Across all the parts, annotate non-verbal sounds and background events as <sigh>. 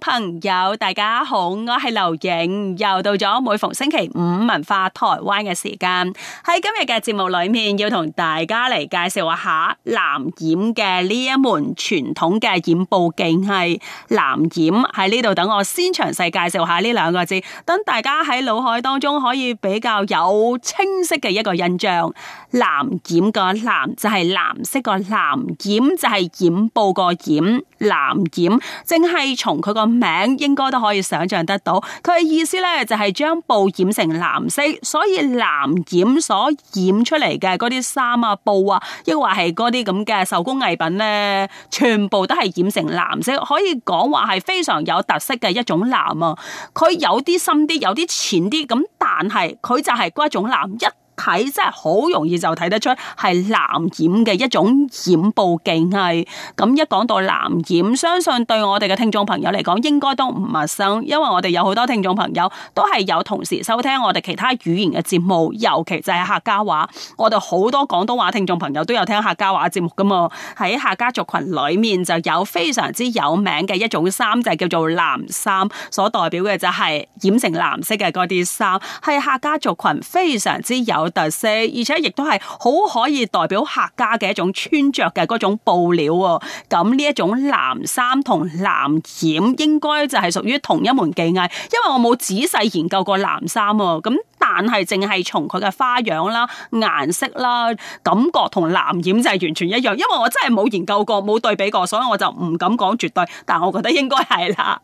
朋友，大家好，我係劉影，又到咗每逢星期五文化台灣嘅時間。喺今日嘅節目裏面，要同大家嚟介紹一下藍染嘅呢一門傳統嘅染布技藝。藍染喺呢度等我先詳細介紹下呢兩個字，等大家喺腦海當中可以比較有清晰嘅一個印象。藍染個藍就係藍色個藍染，就是，染就係染布個染，藍染淨係從佢個。名應該都可以想象得到，佢嘅意思呢就係將布染成藍色，所以藍染所染出嚟嘅嗰啲衫啊、布啊，亦或係嗰啲咁嘅手工藝品呢，全部都係染成藍色，可以講話係非常有特色嘅一種藍啊！佢有啲深啲，有啲淺啲，咁但係佢就係嗰一種藍一。睇真係好容易就睇得出係藍染嘅一種染布技藝。咁一講到藍染，相信對我哋嘅聽眾朋友嚟講，應該都唔陌生，因為我哋有好多聽眾朋友都係有同時收聽我哋其他語言嘅節目，尤其就係客家話。我哋好多廣東話聽眾朋友都有聽客家話節目噶嘛。喺客家族群裏面，就有非常之有名嘅一種衫，就係叫做藍衫，所代表嘅就係染成藍色嘅嗰啲衫，係客家族群非常之有特色，而且亦都係好可以代表客家嘅一種穿着嘅嗰種布料喎、哦。咁呢一種藍衫同藍染應該就係屬於同一門技藝，因為我冇仔細研究過藍衫喎、哦。咁但係淨係從佢嘅花樣啦、顏色啦、感覺同藍染就係完全一樣，因為我真係冇研究過、冇對比過，所以我就唔敢講絕對。但我覺得應該係啦。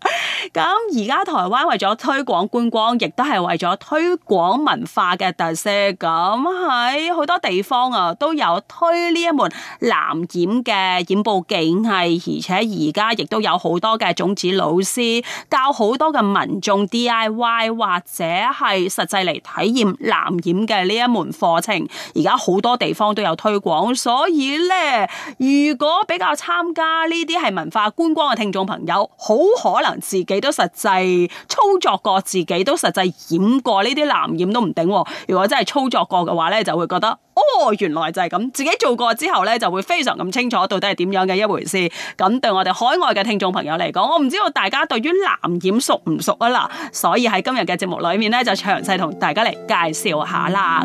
咁而家台灣為咗推廣觀光，亦都係為咗推廣文化嘅特色。咁喺好多地方啊，都有推呢一門藍染嘅染布技藝，而且而家亦都有好多嘅種子老師教好多嘅民眾 DIY 或者係實際嚟體驗藍染嘅呢一門課程。而家好多地方都有推廣，所以咧，如果比較參加呢啲係文化觀光嘅聽眾朋友，好可能自己都實際操作過，自己都實際染過呢啲藍染都唔定、哦。如果真係操作，學過嘅話咧，就會覺得哦，原來就係咁。自己做過之後咧，就會非常咁清楚到底係點樣嘅一回事。咁對我哋海外嘅聽眾朋友嚟講，我唔知道大家對於藍染熟唔熟啊，嗱，所以喺今日嘅節目裏面咧，就詳細同大家嚟介紹下啦。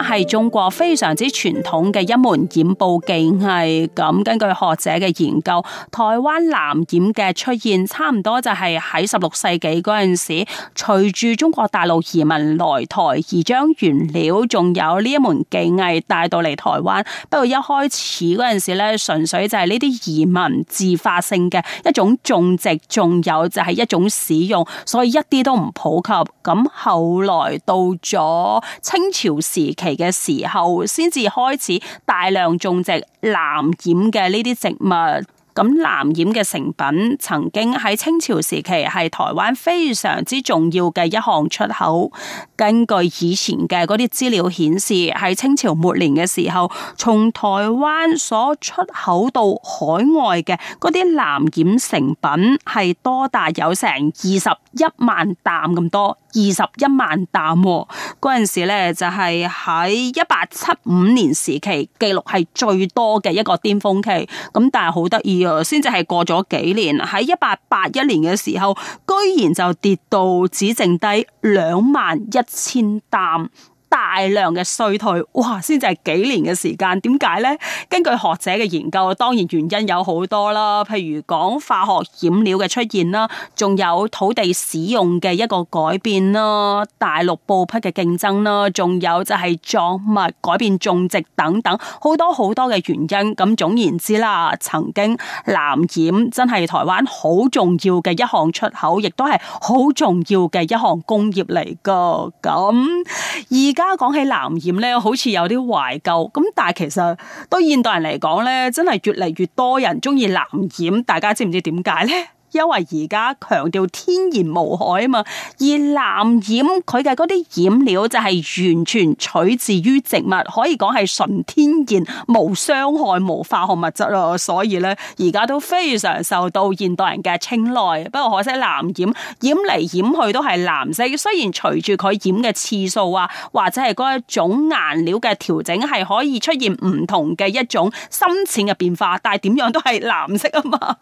係中國非常之傳統嘅一門染布技藝。咁根據學者嘅研究，台灣藍染嘅出現差唔多就係喺十六世紀嗰陣時，隨住中國大陸移民來台而將原料仲有呢一門技藝帶到嚟台灣。不過一開始嗰陣時咧，純粹就係呢啲移民自發性嘅一種種植，仲有就係一種使用，所以一啲都唔普及。咁後來到咗清朝時期，嘅時候，先至開始大量種植藍染嘅呢啲植物。咁藍染嘅成品，曾經喺清朝時期係台灣非常之重要嘅一項出口。根據以前嘅嗰啲資料顯示，喺清朝末年嘅時候，從台灣所出口到海外嘅嗰啲藍染成品，係多達有成二十一萬擔咁多。二十一萬擔，嗰陣、哦、時咧就係喺一八七五年時期記錄係最多嘅一個巔峰期，咁但係好得意啊，先至係過咗幾年，喺一八八一年嘅時候，居然就跌到只剩低兩萬一千擔。大量嘅衰退，哇！先就係幾年嘅時間，點解咧？根據學者嘅研究，當然原因有好多啦，譬如講化學染料嘅出現啦，仲有土地使用嘅一個改變啦，大陸布匹嘅競爭啦，仲有就係作物改變種植等等，好多好多嘅原因。咁總言之啦，曾經藍染真係台灣好重要嘅一項出口，亦都係好重要嘅一項工業嚟噶。咁而而家講起藍染咧，好似有啲懷舊咁，但係其實對現代人嚟講咧，真係越嚟越多人中意藍染，大家知唔知點解咧？因為而家強調天然無害啊嘛，而藍染佢嘅嗰啲染料就係完全取自於植物，可以講係純天然無傷害無化學物質咯，所以咧而家都非常受到現代人嘅青睞。不過可惜藍染染嚟染去都係藍色，雖然隨住佢染嘅次數啊，或者係嗰一種顏料嘅調整，係可以出現唔同嘅一種深淺嘅變化，但係點樣都係藍色啊嘛。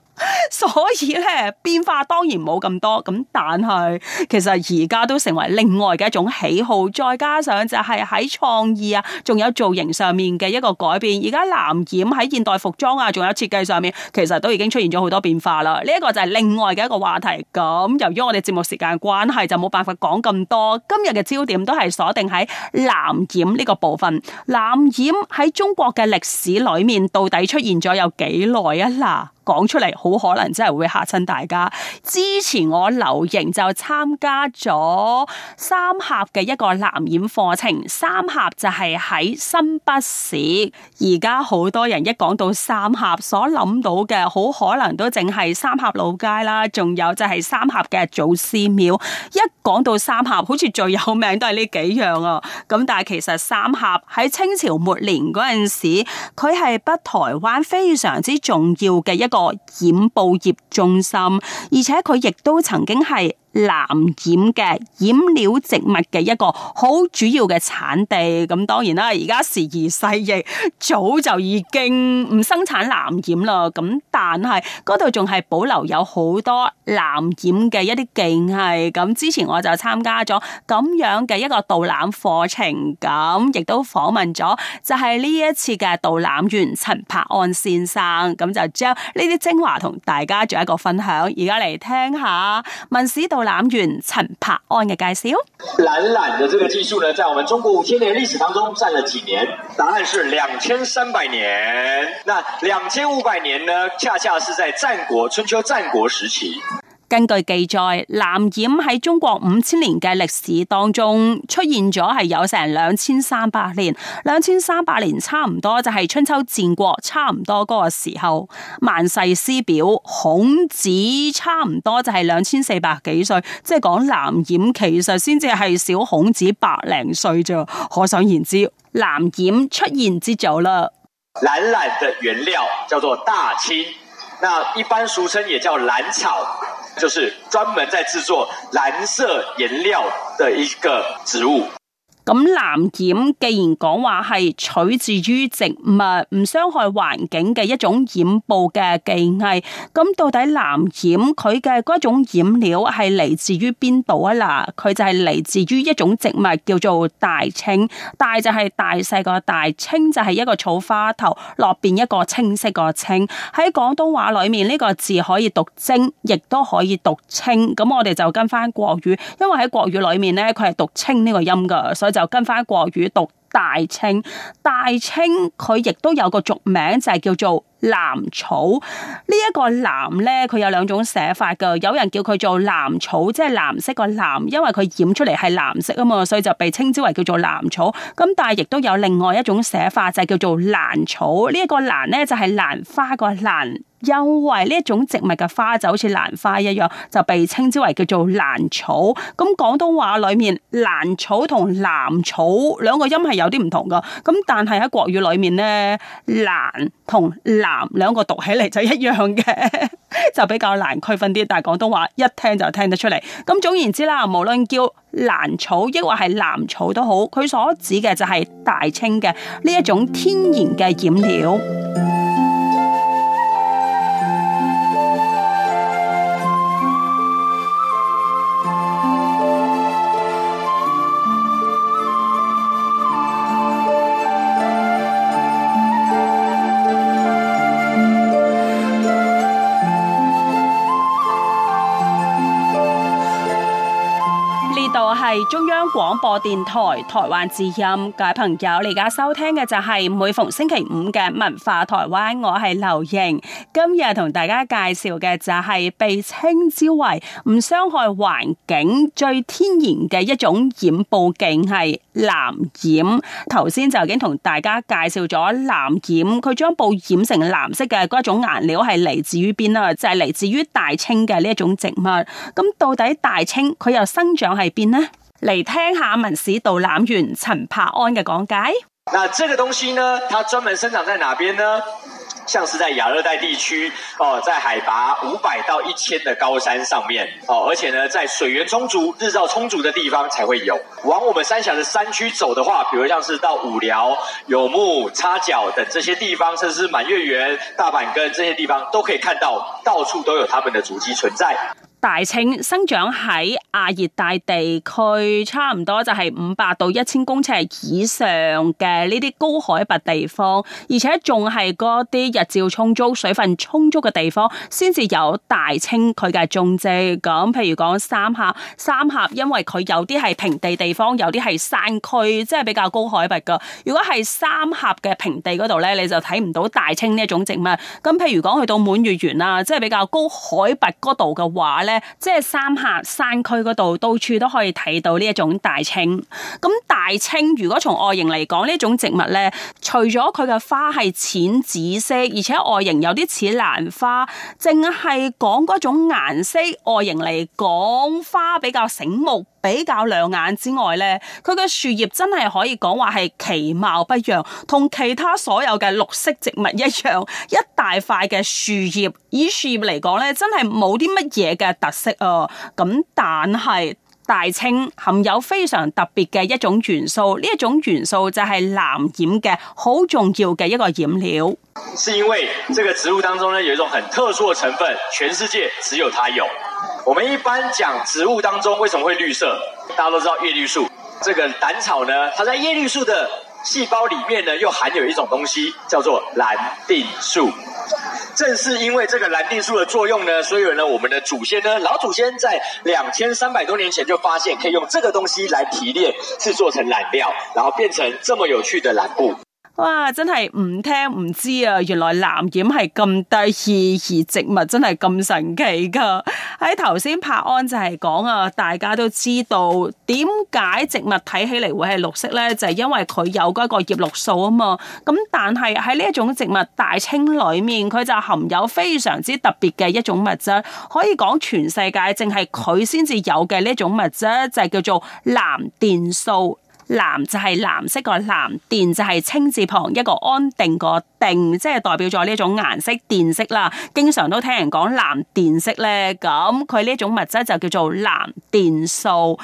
所以咧變化當然冇咁多咁，但係其實而家都成為另外嘅一種喜好。再加上就係喺創意啊，仲有造型上面嘅一個改變。而家藍染喺現代服裝啊，仲有設計上面，其實都已經出現咗好多變化啦。呢一個就係另外嘅一個話題。咁由於我哋節目時間關係，就冇辦法講咁多。今日嘅焦點都係鎖定喺藍染呢個部分。藍染喺中國嘅歷史裏面到底出現咗有幾耐啊？嗱。講出嚟，好可能真係會吓親大家。之前我留言就參加咗三峽嘅一個藍染課程。三峽就係喺新北市，而家好多人一講到三峽，所諗到嘅好可能都淨係三峽老街啦，仲有就係三峽嘅祖師廟。一講到三峽，好似最有名都係呢幾樣啊。咁但係其實三峽喺清朝末年嗰陣時，佢係北台灣非常之重要嘅一個。個染布業中心，而且佢亦都曾經係藍染嘅染料植物嘅一個好主要嘅產地，咁當然啦，而家時移世易，早就已經唔生產藍染啦。咁但係嗰度仲係保留有好多藍染嘅一啲技藝。咁之前我就參加咗咁樣嘅一個導覽課程，咁亦都訪問咗就係呢一次嘅導覽員陳柏安先生，咁就將呢啲精華同大家做一個分享。而家嚟，聽下，文史導覽。藍園，陳柏安嘅介紹，藍染嘅這個技術呢，在我們中國五千年歷史當中佔了幾年？答案是兩千三百年。那兩千五百年呢？恰恰是在戰國、春秋、戰國時期。根據記載，藍染喺中國五千年嘅歷史當中出現咗，係有成兩千三百年。兩千三百年差唔多就係春秋戰國，差唔多嗰個時候。萬世師表孔子，差唔多就係兩千四百幾歲。即係講藍染，其實先至係小孔子百零歲啫。可想而知，藍染出現之早啦。藍染嘅原料叫做大青，一般俗稱也叫藍草。就是專門在製作藍色顏料的一個植物。咁藍染既然講話係取自於植物，唔傷害環境嘅一種染布嘅技藝，咁到底藍染佢嘅嗰種染料係嚟自於邊度啊？嗱，佢就係嚟自於一種植物叫做大青，大就係大細個大，青就係一個草花頭落邊一個青色個青。喺廣東話裏面呢個字可以讀精亦都可以讀清，咁我哋就跟翻國語，因為喺國語裏面咧，佢係讀清呢個音噶，所以就就跟翻國語讀大清，大清佢亦都有個俗名，就係、是、叫做。藍草呢一個藍咧，佢有兩種寫法噶。有人叫佢做藍草，即係藍色個藍，因為佢染出嚟係藍色啊嘛，所以就被稱之為叫做藍草。咁但係亦都有另外一種寫法，就係叫做蘭草。呢一個蘭咧就係蘭花個蘭，因為呢一種植物嘅花就好似蘭花一樣，就被稱之為叫做蘭草。咁廣東話裏面蘭草同藍草兩個音係有啲唔同噶。咁但係喺國語裏面呢，蘭同藍。藍兩個讀起嚟就一樣嘅。 <laughs> 就比較難區分啲。但係廣東話一聽就聽得出嚟。咁總言之啦，無論叫蘭草抑或係藍草都好，佢所指嘅就係大青嘅呢一種天然嘅染料。中央廣播電台台灣之音，各位朋友，你而家收聽嘅就係每逢星期五嘅文化台灣，我係劉瑩。今日同大家介紹嘅就係被稱之為唔傷害環境最天然嘅一種染布景係藍染。頭先就已經同大家介紹咗藍染，佢將布染成藍色嘅嗰一種顏料係嚟自於邊啊？就係嚟自於大青嘅呢一種植物。咁到底大青佢又生長喺邊呢？嚟聽下文史導覽員陳柏安嘅講解。那這個東西呢，它專門生長在哪邊呢？像是在亞熱帶地區哦，在海拔五百到一千的高山上面哦，而且呢，在水源充足、日照充足的地方才會有。往我們三峽的山區走的話，比如像是到五寮、有木、插角等這些地方，甚至是滿月圓、大板根這些地方，都可以看到，到處都有它們的足跡存在。大青生長喺亞熱帶地區，差唔多就係五百到一千公尺以上嘅呢啲高海拔地方，而且仲係嗰啲日照充足、水分充足嘅地方，先至有大青佢嘅種植。咁譬如講三峽，三峽因為佢有啲係平地地方，有啲係山區，即係比較高海拔㗎。如果係三峽嘅平地嗰度呢，你就睇唔到大青呢一種植物。咁譬如講去到滿月圓啦，即係比較高海拔嗰度嘅話即係三峽山區嗰度，到處都可以睇到呢一種大青。咁大青如果從外形嚟講，呢一種植物咧，除咗佢嘅花係淺紫色，而且外形有啲似蘭花，淨係講嗰種顏色，外形嚟講，花比較醒目，比較亮眼之外呢佢嘅樹葉真係可以講話係其貌不揚，同其他所有嘅綠色植物一樣，一大塊嘅樹葉。以樹葉嚟講呢真係冇啲乜嘢嘅特色啊。咁但係大青含有非常特別嘅一種元素，呢一種元素就係藍染嘅好重要嘅一個染料。是因為這個植物當中呢有一種很特殊嘅成分，全世界只有它有。我們一般講植物當中為什麼會綠色？大家都知道葉綠素。這個藍草呢，它在葉綠素的細胞裏面呢，又含有一種東西叫做藍靛素。正是因為這個藍靛素的作用呢，所以呢，我們的祖先呢，老祖先在兩千三百多年前就發現可以用這個東西來提煉製作成染料，然後變成這麼有趣的藍布。哇！真係唔聽唔知啊，原來藍染係咁得意，而植物真係咁神奇噶。喺頭先柏安就係講啊，大家都知道點解植物睇起嚟會係綠色呢？就係因為佢有嗰個葉綠素啊嘛。咁但係喺呢一種植物大青裏面，佢就含有非常之特別嘅一種物質，可以講全世界淨係佢先至有嘅呢種物質，就係叫做藍靛素。藍就係藍色嘅藍，靛就係青字旁一個安定嘅。定即係代表咗呢種顏色靛色啦，經常都聽人講藍靛色咧，咁佢呢種物質就叫做藍靛素，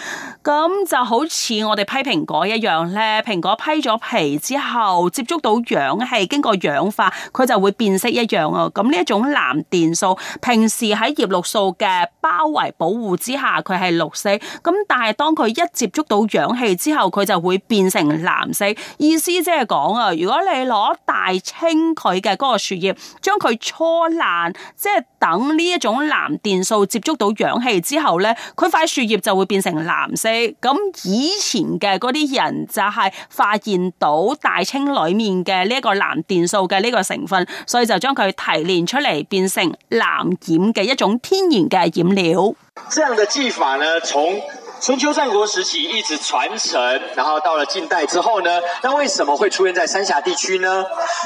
咁就好似我哋批蘋果一樣咧，蘋果批咗皮之後接觸到氧氣經過氧化，佢就會變色一樣啊，咁呢一種藍靛素，平時喺葉綠素嘅包圍保護之下，佢係綠色，咁但係當佢一接觸到氧氣之後佢就會變成藍色。意思即係講啊，如果你攞大青輕佢嘅嗰個樹葉，將佢搓爛，即係等呢一種藍靛素接觸到氧氣之後咧，佢塊樹葉就會變成藍色。咁以前嘅嗰啲人就係發現到大青裏面嘅呢一個藍靛素嘅呢個成分，所以就將佢提煉出嚟，變成藍染嘅一種天然嘅染料。這樣的技法呢，從春秋戰國時期一直傳承，然後到了近代之後呢，那為什麼會出現在三峽地區呢？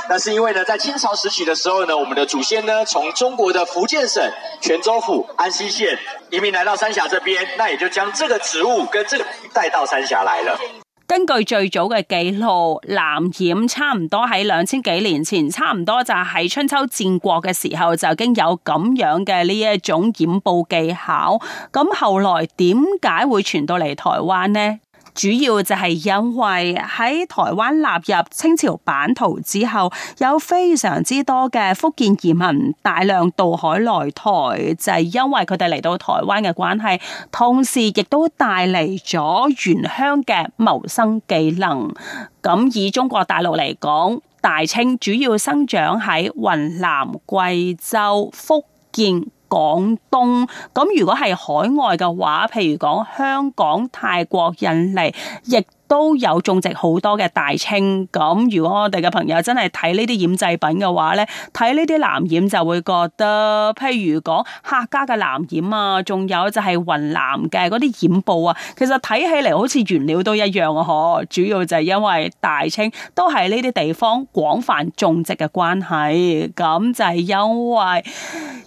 那是因為呢，在清朝時期的時候呢，我們的祖先呢，從中國的福建省泉州府安溪縣移民來到三峽這邊，那也就將這個植物跟這個帶到三峽來了。根據最早嘅記錄，藍染差唔多喺兩千幾年前，差唔多就喺春秋戰國嘅時候就已經有咁樣嘅呢一種染布技巧。咁後來點解會傳到嚟台灣呢？主要就係因為喺台灣納入清朝版圖之後，有非常之多嘅福建移民大量渡海來台，就係因為佢哋嚟到台灣嘅關係，同時亦都帶嚟咗原鄉嘅謀生技能。咁以中國大陸嚟講，大清主要生長喺雲南、貴州、福建、廣東，咁，如果係海外嘅話，譬如講香港、泰國、印尼，亦都有種植好多嘅大青，咁如果我哋嘅朋友真係睇呢啲染製品嘅話呢，睇呢啲藍染就會覺得，譬如講客家嘅藍染啊，仲有就係雲南嘅嗰啲染布啊，其實睇起嚟好似原料都一樣啊！呵，主要就係因為大青都喺呢啲地方廣泛種植嘅關係，咁就係因為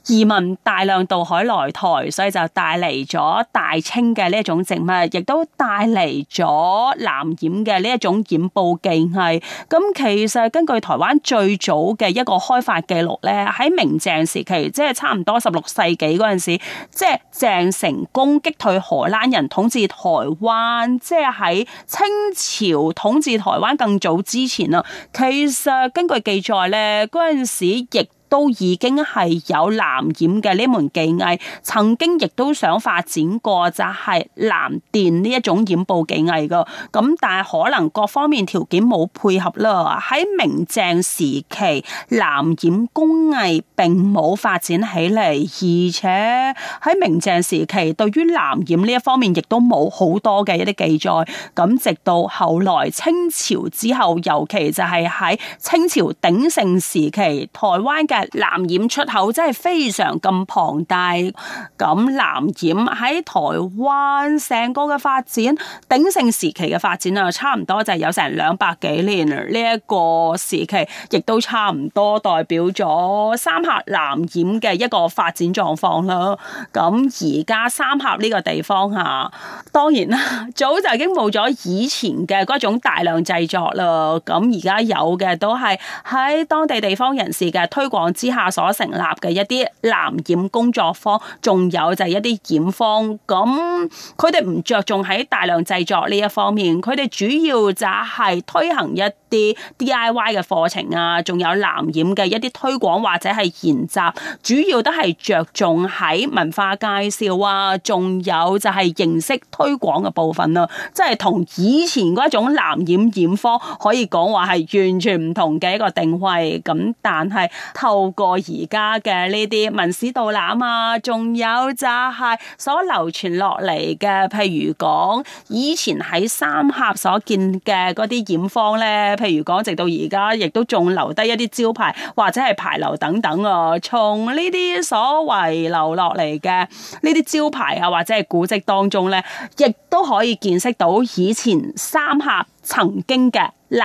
移民大量渡海來台，所以就帶嚟咗大青嘅呢一種植物，亦都帶嚟咗藍，藍染嘅呢一種染布技藝，係咁其實根據台灣最早嘅一個開發記錄咧，喺明鄭時期，即係差唔多十六世紀嗰陣時，即係鄭成功擊退荷蘭人統治台灣，即係喺清朝統治台灣更早之前啊。其實根據記載咧，嗰陣時亦，都已經係有藍染嘅呢門技藝，曾經亦都想發展過，就係藍靛呢一種染布技藝噶，咁但係可能各方面條件冇配合啦。喺明鄭時期，藍染工藝並冇發展起嚟，而且喺明鄭時期對於藍染呢一方面亦都冇好多嘅一啲記載，咁直到後來清朝之後，尤其就係喺清朝鼎盛時期，台灣嘅藍染出口真係非常咁龐大，咁藍染喺台灣成個嘅發展鼎盛時期嘅發展啊，差唔多就有成兩百幾年呢一個時期，亦都差唔多代表咗三峽藍染嘅一個發展狀況啦。咁而家三峽呢個地方吓、啊，當然啦，早就已經冇咗以前嘅嗰種大量製作啦。咁而家有嘅都係喺當地地方人士嘅推廣，之下所成立嘅一啲藍染工作坊，仲有就係一啲染坊，咁佢哋唔着重喺大量製作呢一方面，佢哋主要就係推行一啲 DIY 嘅課程啊，仲有藍染嘅一啲推廣或者係研習，主要都係着重喺文化介紹啊，仲有就係認識推廣嘅部分咯，啊，即係同以前嗰一種藍染染坊可以講話係完全唔同嘅一個定位。咁但係透過而家嘅呢啲文史導覽啊，仲有就係所流傳落嚟嘅，譬如講以前喺三峽所見嘅嗰啲染坊呢。譬如講，直到而家，亦都仲留低一啲招牌或者係牌樓等等啊。從呢啲所遺留落嚟嘅呢啲招牌啊，或者係古跡當中呢，亦都可以見識到以前三峽曾經嘅藍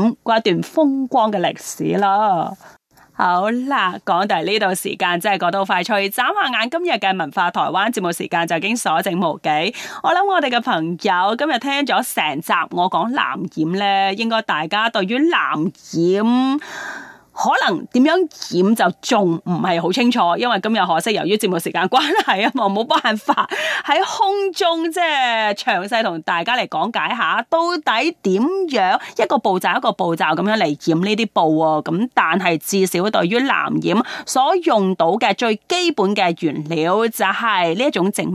染嗰一段風光嘅歷史啦。好啦，講到呢度時間真係過到快脆，眨下眼今日嘅文化台灣節目時間就已經所剩無幾。我諗我哋嘅朋友今日聽咗成集我講藍染呢，應該大家對於藍染。可能點樣染就仲唔係好清楚，因為今日可惜由於節目時間關係啊，冇冇辦法喺空中即係詳細同大家嚟講解下到底點樣一個步驟一個步驟咁樣嚟染呢啲布喎。咁但係至少對於藍染所用到嘅最基本嘅原料，就係呢一種植物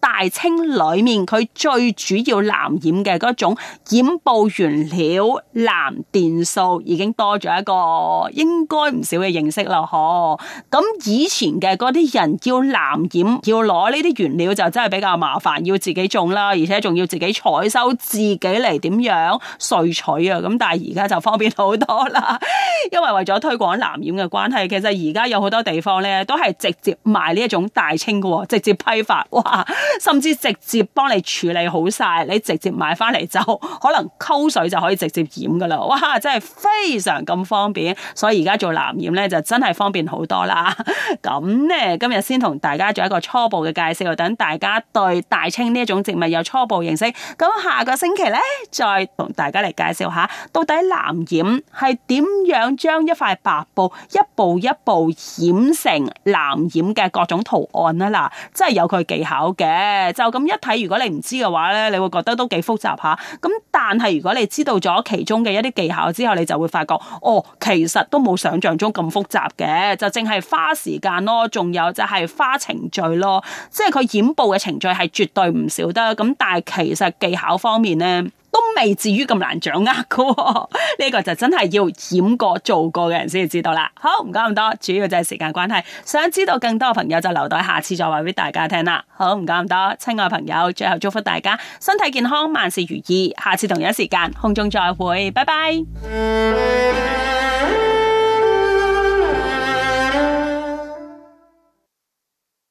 大青，裡面佢最主要藍染嘅嗰種染布原料藍靛素，已經多咗一個。應該唔少嘅認識咯，嗬。咁以前嘅嗰啲人叫藍染，要攞呢啲原料就真係比較麻煩，要自己種啦，而且仲要自己採收，自己嚟點樣萃取啊。咁但係而家就方便好多啦，因為為咗推廣藍染嘅關係，其實而家有好多地方呢都係直接賣呢一種大青嘅，直接批發，哇！甚至直接幫你處理好晒，你直接買翻嚟就可能溝水就可以直接染噶啦，哇！真係非常咁方便。而家做藍染咧，就真係方便好多啦。咁 <laughs> 咧，今日先同大家做一個初步嘅介紹，等大家對大青呢一種植物有初步認識。咁下個星期咧，再同大家嚟介紹下到底藍染係點樣將一塊白布一步一步染成藍染嘅各種圖案啊！嗱，真係有佢技巧嘅。就咁一睇，如果你唔知嘅話咧，你會覺得都幾複雜吓。咁但係如果你知道咗其中嘅一啲技巧之後，你就會發覺，哦，其實都～都冇想象中咁複雜嘅，就淨係花時間咯，仲有就係花程序咯，即係佢染布嘅程序係絕對唔少得。咁但係其實技巧方面呢，都未至於咁難掌握噶、哦。呢、這個就真係要染過做過嘅人先至知道啦。好，唔講咁多，主要就係時間關係。想知道更多嘅朋友就留待下次再話俾大家聽啦。好，唔講咁多，親愛嘅朋友，最後祝福大家身體健康，萬事如意。下次同一時間空中再會，拜拜。 <music>